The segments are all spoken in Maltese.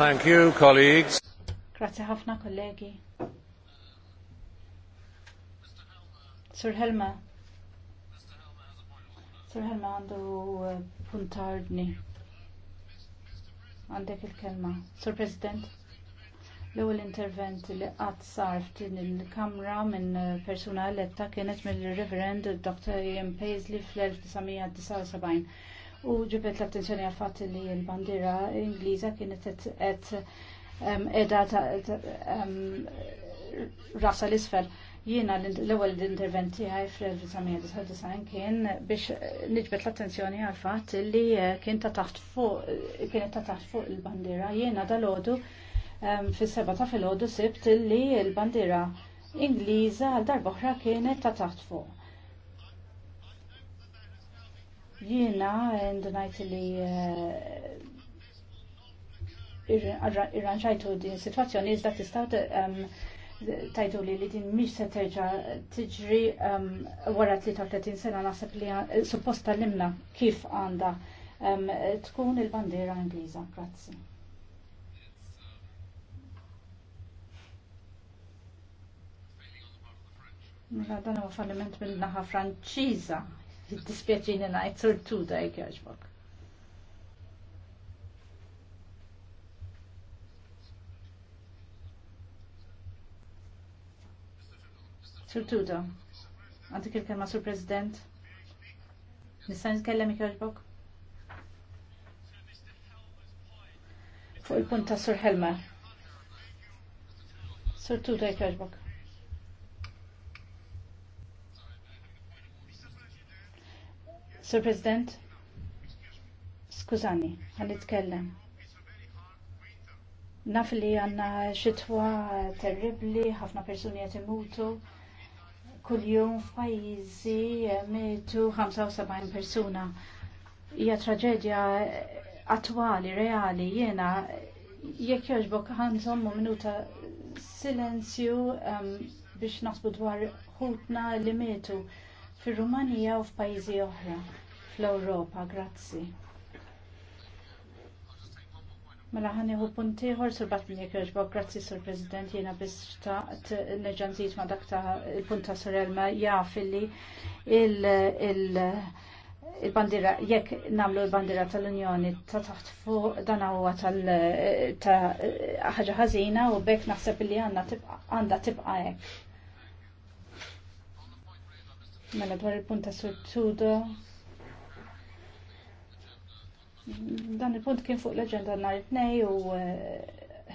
Thank you, colleagues. Grazie ħafna, kollegi. Sir Helma. Sir Helma għandu eh, puntardni. Għandek il-kelma. Sir President l-ewwel intervent li għad sar din il-Kamra minn eh, persuna eletta kienet mill-Reverend Dr. Ian Paisley fl-1979 u ġibet l-attenzjoni għal fatt li l-bandira Ingliża kienet qed ehm, edha ehm, rasa l-isfel. Jiena l-ewwel intervent tiegħi fl-1999 kien biex niġbet l-attenzjoni għal fatt li eh, kien ta' taħt fuq kienet ta' taħt fuq il-bandira. Jiena dal-għodu ehm, fis-seba ta' filgħodu sibt li l-bandira Ingliża għal darba oħra kienet ta' taħt fuq Jiena ndunajt li eh, irranġajtu din situazzjoni iżda tistaw tajtu li li din mhix se terġa tiġri wara 33 sena naħseb li eh, supposta limna kif għanda tkun il bandera Ingliża. Grazzi. Mela dan huwa falliment minn naħa Franċiża dispjaċini najt sortu da jkjaġbok. Surtu da, għanti kelkema sur prezident? Nistan nitkellem jkjaġbok? Fuq il-punt ta' sur Helmer. Surtu da jkjaġbok. Sir President, skużani, għan nitkellem. Naf li għanna xitwa terribli, ħafna persuni għet imutu. Kull-jum f'pajizi metu 75 persuna. Hija traġedja attwali, reali, jena jekk joġbok ħanżommu minuta silenzju um, biex nasbu dwar ħutna li metu fir-Rumanija u f'pajjiżi oħra fl-Ewropa. Grazzi. Mela ħani hu puntiħor sur batni kħoġbog, grazzi sur President, jena bistaqt neġanżit ma dakta il-punta sur Elma jaf illi il- bandira jekk namlu l-bandira tal-Unjoni ta' taħt fuq dan huwa tal ta' ħaġa ħażina u bekk naħseb li għandna tibqa' għandha tibqa' hekk Mela dwar il-punt ta' sudo Dan il-punt kien fuq l-agenda nhar it-tnej u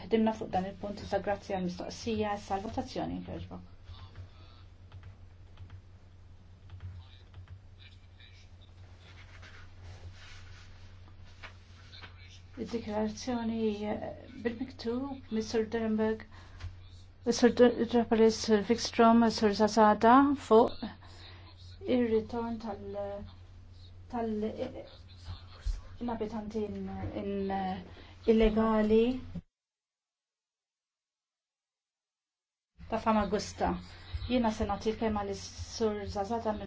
ħdimna fuq dan il-punt ta' grazzi għal mistoqsija e l-votazzjoni jkerġba. Id-dikjarazzjoni bil-miktub Mr. Derenberg, Sir Drapalis, Vikstrom, Sir Zazada fuq ir-ritorn tal- tal l-abitanti illegali ta' fama gusta. Jiena se nagħti l sur Zazata